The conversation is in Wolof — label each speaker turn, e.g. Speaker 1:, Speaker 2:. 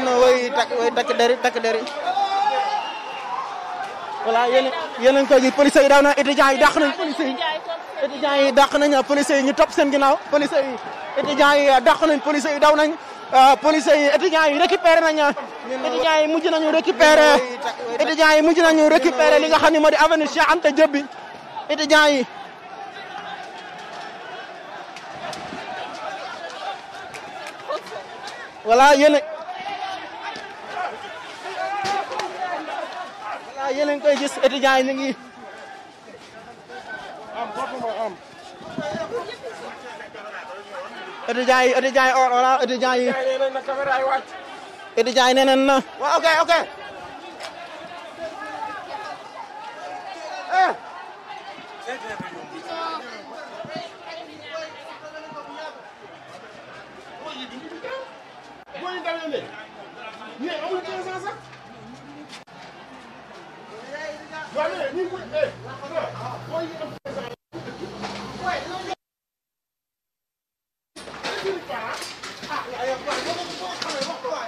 Speaker 1: ñun way takk way takk deri takk deri voilà yéen yéen a ngi koy gis police yi daaw na étudiants yi dàq nañ police yi étudiants yi dàq nañ police yi ñu topp seen ginnaaw police yi étudiants yi dàq nañ police yi daw nañ euh, police yi étudiants yi récupéré nañ étudiants yi mujj nañu récupéré étudiants yi mujj nañu récupéré li nga xam ne moo di avenue Cheikh Anta Diop bi étudiants yi voilà yéen
Speaker 2: ah yéen a ngi koy gis
Speaker 1: étudiants yi ñu ngi. étudiants
Speaker 3: na. ah